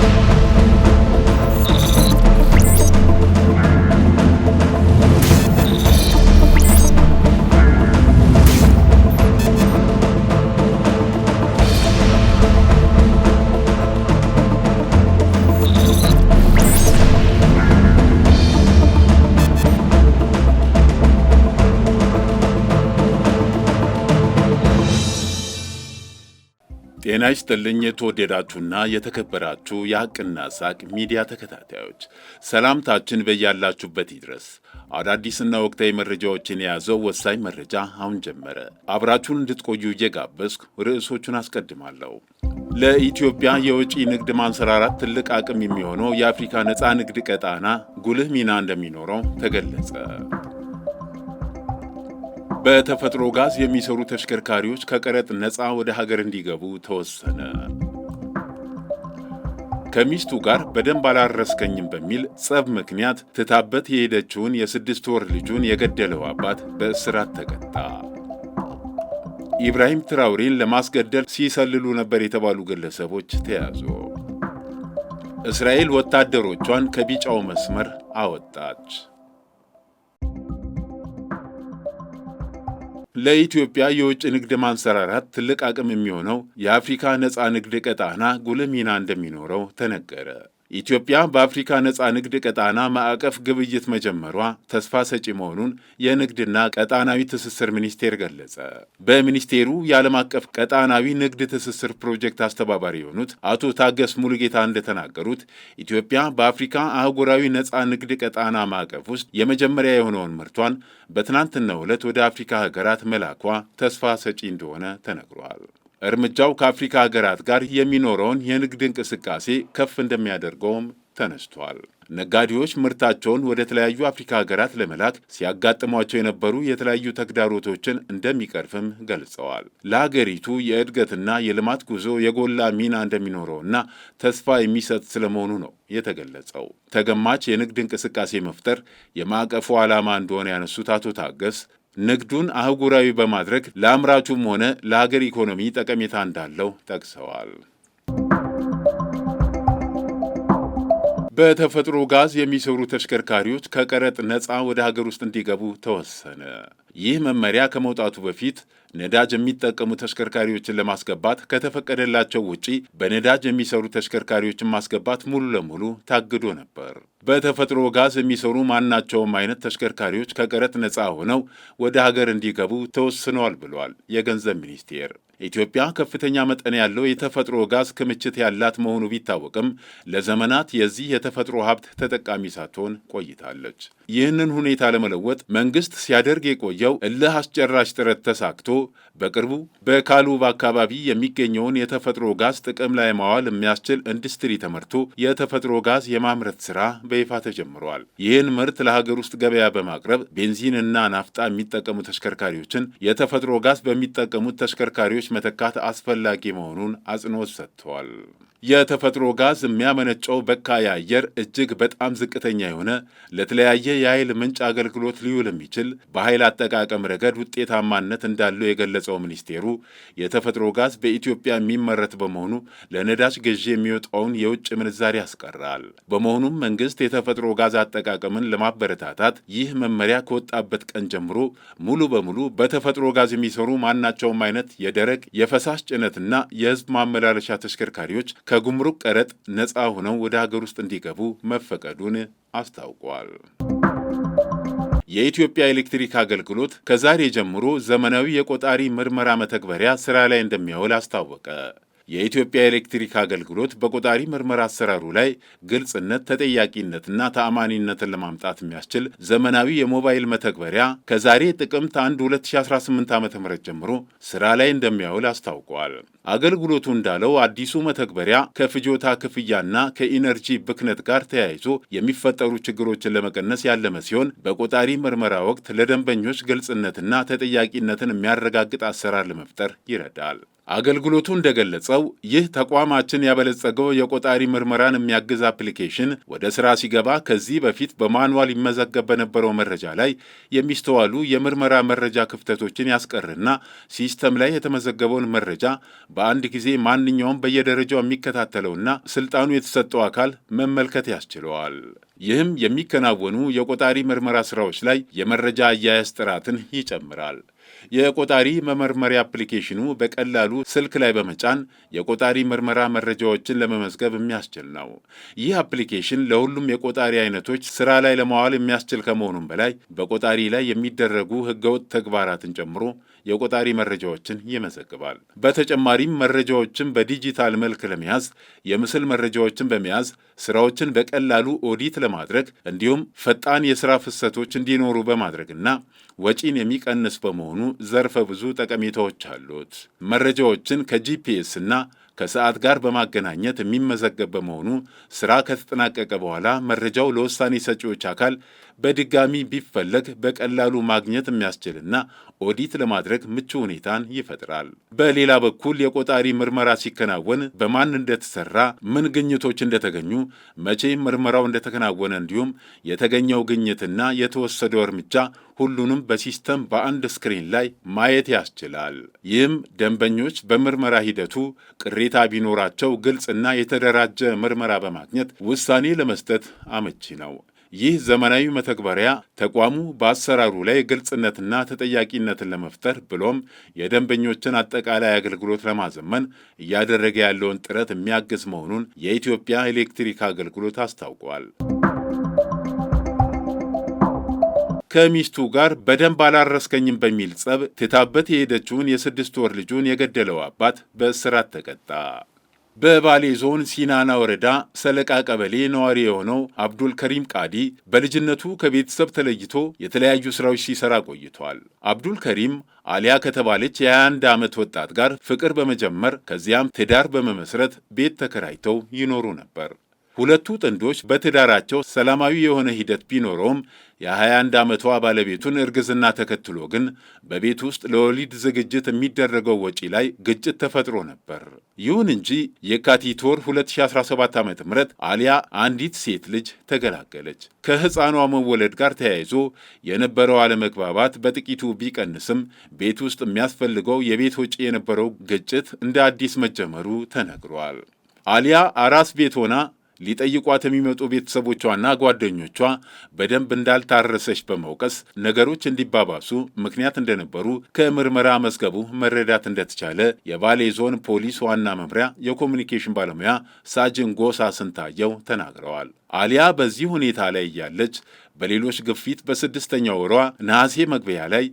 Thank you. ጤና ይስጥልኝ የተወደዳችሁና የተከበራችሁ የሐቅና ሳቅ ሚዲያ ተከታታዮች ሰላምታችን በያላችሁበት ይድረስ። አዳዲስና ወቅታዊ መረጃዎችን የያዘው ወሳኝ መረጃ አሁን ጀመረ። አብራችሁን እንድትቆዩ እየጋበዝኩ ርዕሶቹን አስቀድማለሁ። ለኢትዮጵያ የውጪ ንግድ ማንሰራራት ትልቅ አቅም የሚሆነው የአፍሪካ ነፃ ንግድ ቀጣና ጉልህ ሚና እንደሚኖረው ተገለጸ። በተፈጥሮ ጋዝ የሚሰሩ ተሽከርካሪዎች ከቀረጥ ነፃ ወደ ሀገር እንዲገቡ ተወሰነ። ከሚስቱ ጋር በደንብ አላረስከኝም በሚል ጸብ ምክንያት ትታበት የሄደችውን የስድስት ወር ልጁን የገደለው አባት በእስራት ተቀጣ። ኢብራሂም ትራውሬን ለማስገደል ሲሰልሉ ነበር የተባሉ ግለሰቦች ተያዙ። እስራኤል ወታደሮቿን ከቢጫው መስመር አወጣች። ለኢትዮጵያ የውጭ ንግድ ማንሰራራት ትልቅ አቅም የሚሆነው የአፍሪካ ነፃ ንግድ ቀጣና ጉልህ ሚና እንደሚኖረው ተነገረ። ኢትዮጵያ በአፍሪካ ነፃ ንግድ ቀጣና ማዕቀፍ ግብይት መጀመሯ ተስፋ ሰጪ መሆኑን የንግድና ቀጣናዊ ትስስር ሚኒስቴር ገለጸ። በሚኒስቴሩ የዓለም አቀፍ ቀጣናዊ ንግድ ትስስር ፕሮጀክት አስተባባሪ የሆኑት አቶ ታገስ ሙሉጌታ እንደተናገሩት ኢትዮጵያ በአፍሪካ አህጉራዊ ነፃ ንግድ ቀጣና ማዕቀፍ ውስጥ የመጀመሪያ የሆነውን ምርቷን በትናንትናው ዕለት ወደ አፍሪካ ሀገራት መላኳ ተስፋ ሰጪ እንደሆነ ተነግሯል። እርምጃው ከአፍሪካ ሀገራት ጋር የሚኖረውን የንግድ እንቅስቃሴ ከፍ እንደሚያደርገውም ተነስቷል። ነጋዴዎች ምርታቸውን ወደ ተለያዩ አፍሪካ ሀገራት ለመላክ ሲያጋጥሟቸው የነበሩ የተለያዩ ተግዳሮቶችን እንደሚቀርፍም ገልጸዋል። ለሀገሪቱ የእድገትና የልማት ጉዞ የጎላ ሚና እንደሚኖረውና ተስፋ የሚሰጥ ስለመሆኑ ነው የተገለጸው። ተገማች የንግድ እንቅስቃሴ መፍጠር የማዕቀፉ ዓላማ እንደሆነ ያነሱት አቶ ታገስ ንግዱን አህጉራዊ በማድረግ ለአምራቹም ሆነ ለሀገር ኢኮኖሚ ጠቀሜታ እንዳለው ጠቅሰዋል። በተፈጥሮ ጋዝ የሚሰሩ ተሽከርካሪዎች ከቀረጥ ነፃ ወደ ሀገር ውስጥ እንዲገቡ ተወሰነ። ይህ መመሪያ ከመውጣቱ በፊት ነዳጅ የሚጠቀሙ ተሽከርካሪዎችን ለማስገባት ከተፈቀደላቸው ውጪ በነዳጅ የሚሰሩ ተሽከርካሪዎችን ማስገባት ሙሉ ለሙሉ ታግዶ ነበር። በተፈጥሮ ጋዝ የሚሰሩ ማናቸውም አይነት ተሽከርካሪዎች ከቀረጥ ነፃ ሆነው ወደ ሀገር እንዲገቡ ተወስነዋል ብሏል የገንዘብ ሚኒስቴር። ኢትዮጵያ ከፍተኛ መጠን ያለው የተፈጥሮ ጋዝ ክምችት ያላት መሆኑ ቢታወቅም ለዘመናት የዚህ የተፈጥሮ ሀብት ተጠቃሚ ሳትሆን ቆይታለች። ይህንን ሁኔታ ለመለወጥ መንግስት ሲያደርግ የቆየው እልህ አስጨራሽ ጥረት ተሳክቶ በቅርቡ በካሉብ አካባቢ የሚገኘውን የተፈጥሮ ጋዝ ጥቅም ላይ ማዋል የሚያስችል ኢንዱስትሪ ተመርቶ የተፈጥሮ ጋዝ የማምረት ስራ በይፋ ተጀምረዋል። ይህን ምርት ለሀገር ውስጥ ገበያ በማቅረብ ቤንዚንና ናፍጣ የሚጠቀሙ ተሽከርካሪዎችን የተፈጥሮ ጋዝ በሚጠቀሙት ተሽከርካሪዎች መተካት አስፈላጊ መሆኑን አጽንኦት ሰጥተዋል። የተፈጥሮ ጋዝ የሚያመነጨው በካይ አየር እጅግ በጣም ዝቅተኛ የሆነ ለተለያየ የኃይል ምንጭ አገልግሎት ሊውል የሚችል በኃይል አጠቃቀም ረገድ ውጤታማነት እንዳለው የገለጸው ሚኒስቴሩ የተፈጥሮ ጋዝ በኢትዮጵያ የሚመረት በመሆኑ ለነዳጅ ገዢ የሚወጣውን የውጭ ምንዛሪ ያስቀራል። በመሆኑም መንግስት የተፈጥሮ ጋዝ አጠቃቀምን ለማበረታታት ይህ መመሪያ ከወጣበት ቀን ጀምሮ ሙሉ በሙሉ በተፈጥሮ ጋዝ የሚሰሩ ማናቸውም አይነት የደረቅ የፈሳሽ ጭነትና የህዝብ ማመላለሻ ተሽከርካሪዎች ከጉምሩክ ቀረጥ ነፃ ሆነው ወደ ሀገር ውስጥ እንዲገቡ መፈቀዱን አስታውቋል። የኢትዮጵያ ኤሌክትሪክ አገልግሎት ከዛሬ ጀምሮ ዘመናዊ የቆጣሪ ምርመራ መተግበሪያ ስራ ላይ እንደሚያውል አስታወቀ። የኢትዮጵያ ኤሌክትሪክ አገልግሎት በቆጣሪ ምርመራ አሰራሩ ላይ ግልጽነት፣ ተጠያቂነትና ተአማኒነትን ለማምጣት የሚያስችል ዘመናዊ የሞባይል መተግበሪያ ከዛሬ ጥቅምት 1 2018 ዓ ም ጀምሮ ስራ ላይ እንደሚያውል አስታውቋል። አገልግሎቱ እንዳለው አዲሱ መተግበሪያ ከፍጆታ ክፍያና ከኢነርጂ ብክነት ጋር ተያይዞ የሚፈጠሩ ችግሮችን ለመቀነስ ያለመ ሲሆን በቆጣሪ ምርመራ ወቅት ለደንበኞች ግልጽነትና ተጠያቂነትን የሚያረጋግጥ አሰራር ለመፍጠር ይረዳል። አገልግሎቱ እንደገለጸው ይህ ተቋማችን ያበለጸገው የቆጣሪ ምርመራን የሚያግዝ አፕሊኬሽን ወደ ስራ ሲገባ ከዚህ በፊት በማንዋል ይመዘገብ በነበረው መረጃ ላይ የሚስተዋሉ የምርመራ መረጃ ክፍተቶችን ያስቀርና ሲስተም ላይ የተመዘገበውን መረጃ በአንድ ጊዜ ማንኛውም በየደረጃው የሚከታተለውና ስልጣኑ የተሰጠው አካል መመልከት ያስችለዋል። ይህም የሚከናወኑ የቆጣሪ ምርመራ ስራዎች ላይ የመረጃ አያያዝ ጥራትን ይጨምራል። የቆጣሪ መመርመሪያ አፕሊኬሽኑ በቀላሉ ስልክ ላይ በመጫን የቆጣሪ ምርመራ መረጃዎችን ለመመዝገብ የሚያስችል ነው። ይህ አፕሊኬሽን ለሁሉም የቆጣሪ አይነቶች ስራ ላይ ለማዋል የሚያስችል ከመሆኑም በላይ በቆጣሪ ላይ የሚደረጉ ህገወጥ ተግባራትን ጨምሮ የቆጣሪ መረጃዎችን ይመዘግባል። በተጨማሪም መረጃዎችን በዲጂታል መልክ ለመያዝ የምስል መረጃዎችን በመያዝ ስራዎችን በቀላሉ ኦዲት ለማድረግ እንዲሁም ፈጣን የስራ ፍሰቶች እንዲኖሩ በማድረግና ወጪን የሚቀንስ በመሆኑ ዘርፈ ብዙ ጠቀሜታዎች አሉት። መረጃዎችን ከጂፒኤስ እና ከሰዓት ጋር በማገናኘት የሚመዘገብ በመሆኑ ስራ ከተጠናቀቀ በኋላ መረጃው ለውሳኔ ሰጪዎች አካል በድጋሚ ቢፈለግ በቀላሉ ማግኘት የሚያስችልና ኦዲት ለማድረግ ምቹ ሁኔታን ይፈጥራል። በሌላ በኩል የቆጣሪ ምርመራ ሲከናወን በማን እንደተሰራ፣ ምን ግኝቶች እንደተገኙ፣ መቼ ምርመራው እንደተከናወነ እንዲሁም የተገኘው ግኝትና የተወሰደው እርምጃ ሁሉንም በሲስተም በአንድ ስክሪን ላይ ማየት ያስችላል። ይህም ደንበኞች በምርመራ ሂደቱ ቅሬታ ቢኖራቸው ግልጽና የተደራጀ ምርመራ በማግኘት ውሳኔ ለመስጠት አመቺ ነው። ይህ ዘመናዊ መተግበሪያ ተቋሙ በአሰራሩ ላይ ግልጽነትና ተጠያቂነትን ለመፍጠር ብሎም የደንበኞችን አጠቃላይ አገልግሎት ለማዘመን እያደረገ ያለውን ጥረት የሚያግዝ መሆኑን የኢትዮጵያ ኤሌክትሪክ አገልግሎት አስታውቋል። ከሚስቱ ጋር በደንብ አላረስከኝም በሚል ጸብ ትታበት የሄደችውን የስድስት ወር ልጁን የገደለው አባት በእስራት ተቀጣ። በባሌ ዞን ሲናና ወረዳ ሰለቃ ቀበሌ ነዋሪ የሆነው አብዱል ከሪም ቃዲ በልጅነቱ ከቤተሰብ ተለይቶ የተለያዩ ስራዎች ሲሰራ ቆይቷል። አብዱል ከሪም አሊያ ከተባለች የ21 ዓመት ወጣት ጋር ፍቅር በመጀመር ከዚያም ትዳር በመመስረት ቤት ተከራይተው ይኖሩ ነበር። ሁለቱ ጥንዶች በትዳራቸው ሰላማዊ የሆነ ሂደት ቢኖረውም የ21 ዓመቷ ባለቤቱን እርግዝና ተከትሎ ግን በቤት ውስጥ ለወሊድ ዝግጅት የሚደረገው ወጪ ላይ ግጭት ተፈጥሮ ነበር። ይሁን እንጂ የካቲት ወር 2017 ዓ ም አሊያ አንዲት ሴት ልጅ ተገላገለች። ከሕፃኗ መወለድ ጋር ተያይዞ የነበረው አለመግባባት በጥቂቱ ቢቀንስም ቤት ውስጥ የሚያስፈልገው የቤት ወጪ የነበረው ግጭት እንደ አዲስ መጀመሩ ተነግሯል። አሊያ አራስ ቤት ሆና ሊጠይቋት የሚመጡ ቤተሰቦቿና ጓደኞቿ በደንብ እንዳልታረሰች በመውቀስ ነገሮች እንዲባባሱ ምክንያት እንደነበሩ ከምርመራ መዝገቡ መረዳት እንደተቻለ የባሌ ዞን ፖሊስ ዋና መምሪያ የኮሚኒኬሽን ባለሙያ ሳጅን ጎሳ ስንታየው ተናግረዋል። አሊያ በዚህ ሁኔታ ላይ እያለች በሌሎች ግፊት በስድስተኛው ወሯ ነሐሴ መግቢያ ላይ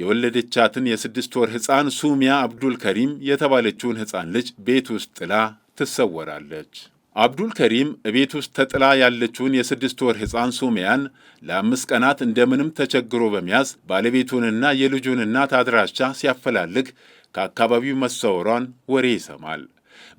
የወለደቻትን የስድስት ወር ሕፃን ሱሚያ አብዱል ከሪም የተባለችውን ሕፃን ልጅ ቤት ውስጥ ጥላ ትሰወራለች። አብዱል ከሪም እቤት ውስጥ ተጥላ ያለችውን የስድስት ወር ሕፃን ሱሜያን ለአምስት ቀናት እንደምንም ተቸግሮ በመያዝ ባለቤቱንና የልጁን እናት አድራሻ ሲያፈላልግ ከአካባቢው መሰወሯን ወሬ ይሰማል።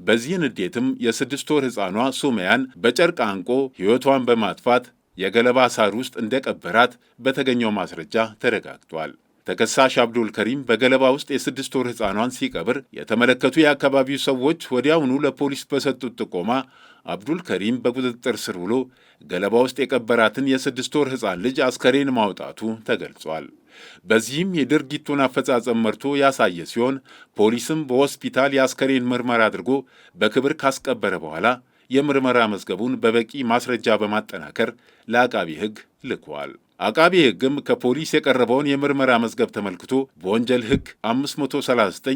በዚህ ንዴትም የስድስት ወር ሕፃኗ ሱሜያን በጨርቅ አንቆ ሕይወቷን በማጥፋት የገለባ ሳር ውስጥ እንደቀበራት በተገኘው ማስረጃ ተረጋግጧል። ተከሳሽ አብዱል ከሪም በገለባ ውስጥ የስድስት ወር ሕፃኗን ሲቀብር የተመለከቱ የአካባቢው ሰዎች ወዲያውኑ ለፖሊስ በሰጡት ጥቆማ አብዱል ከሪም በቁጥጥር ስር ውሎ ገለባ ውስጥ የቀበራትን የስድስት ወር ሕፃን ልጅ አስከሬን ማውጣቱ ተገልጿል። በዚህም የድርጊቱን አፈጻጸም መርቶ ያሳየ ሲሆን ፖሊስም በሆስፒታል የአስከሬን ምርመራ አድርጎ በክብር ካስቀበረ በኋላ የምርመራ መዝገቡን በበቂ ማስረጃ በማጠናከር ለአቃቢ ሕግ ልኳል። አቃቢ ሕግም ከፖሊስ የቀረበውን የምርመራ መዝገብ ተመልክቶ በወንጀል ሕግ 539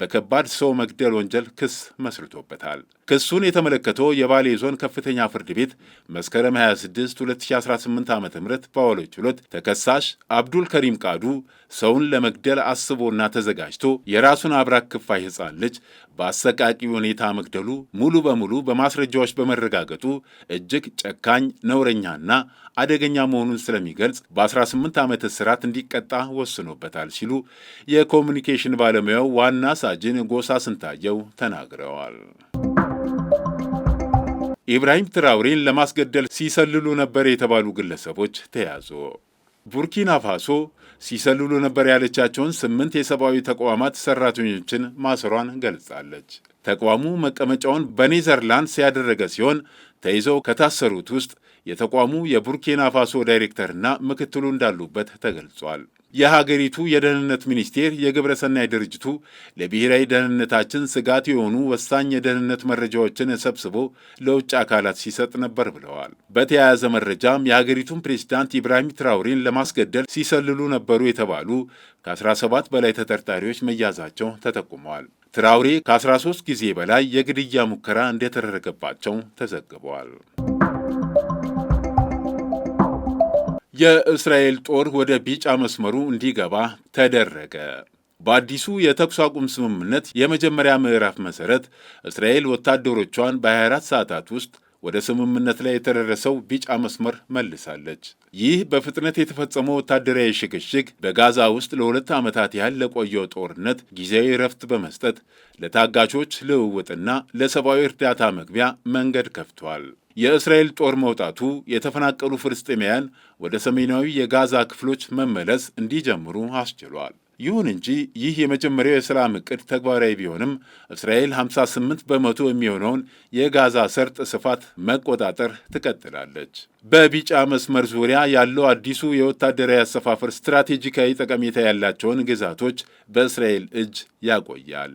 በከባድ ሰው መግደል ወንጀል ክስ መስርቶበታል። ክሱን የተመለከተው የባሌ ዞን ከፍተኛ ፍርድ ቤት መስከረም 26 2018 ዓ ም በዋለው ችሎት ተከሳሽ አብዱል ከሪም ቃዱ ሰውን ለመግደል አስቦና ተዘጋጅቶ የራሱን አብራክ ክፋይ ሕፃን ልጅ በአሰቃቂ ሁኔታ መግደሉ ሙሉ በሙሉ በማስረጃዎች በመረጋገጡ እጅግ ጨካኝ ነውረኛና አደገኛ መሆኑን ስለሚገልጽ በ18 ዓመት እስራት እንዲቀጣ ወስኖበታል ሲሉ የኮሚኒኬሽን ባለሙያው ዋና ሳጅን ጎሳ ስንታየው ተናግረዋል። ኢብራሂም ትራውሬን ለማስገደል ሲሰልሉ ነበር የተባሉ ግለሰቦች ተያዙ። ቡርኪና ፋሶ ሲሰልሉ ነበር ያለቻቸውን ስምንት የሰብአዊ ተቋማት ሰራተኞችን ማሰሯን ገልጻለች። ተቋሙ መቀመጫውን በኔዘርላንድስ ያደረገ ሲሆን ተይዘው ከታሰሩት ውስጥ የተቋሙ የቡርኪና ፋሶ ዳይሬክተርና ምክትሉ እንዳሉበት ተገልጿል። የሀገሪቱ የደህንነት ሚኒስቴር የግብረሰናይ ድርጅቱ ለብሔራዊ ደህንነታችን ስጋት የሆኑ ወሳኝ የደህንነት መረጃዎችን ሰብስቦ ለውጭ አካላት ሲሰጥ ነበር ብለዋል። በተያያዘ መረጃም የሀገሪቱን ፕሬዚዳንት ኢብራሂም ትራውሬን ለማስገደል ሲሰልሉ ነበሩ የተባሉ ከ17 በላይ ተጠርጣሪዎች መያዛቸው ተጠቁመዋል። ትራውሬ ከ13 ጊዜ በላይ የግድያ ሙከራ እንደተደረገባቸው ተዘግበዋል። የእስራኤል ጦር ወደ ቢጫ መስመሩ እንዲገባ ተደረገ። በአዲሱ የተኩስ አቁም ስምምነት የመጀመሪያ ምዕራፍ መሠረት እስራኤል ወታደሮቿን በ24 ሰዓታት ውስጥ ወደ ስምምነት ላይ የተደረሰው ቢጫ መስመር መልሳለች። ይህ በፍጥነት የተፈጸመው ወታደራዊ ሽግሽግ በጋዛ ውስጥ ለሁለት ዓመታት ያህል ለቆየው ጦርነት ጊዜያዊ እረፍት በመስጠት ለታጋቾች ልውውጥና ለሰብአዊ እርዳታ መግቢያ መንገድ ከፍቷል። የእስራኤል ጦር መውጣቱ የተፈናቀሉ ፍልስጤማውያን ወደ ሰሜናዊ የጋዛ ክፍሎች መመለስ እንዲጀምሩ አስችሏል። ይሁን እንጂ ይህ የመጀመሪያው የሰላም ዕቅድ ተግባራዊ ቢሆንም እስራኤል 58 በመቶ የሚሆነውን የጋዛ ሰርጥ ስፋት መቆጣጠር ትቀጥላለች። በቢጫ መስመር ዙሪያ ያለው አዲሱ የወታደራዊ አሰፋፈር ስትራቴጂካዊ ጠቀሜታ ያላቸውን ግዛቶች በእስራኤል እጅ ያቆያል።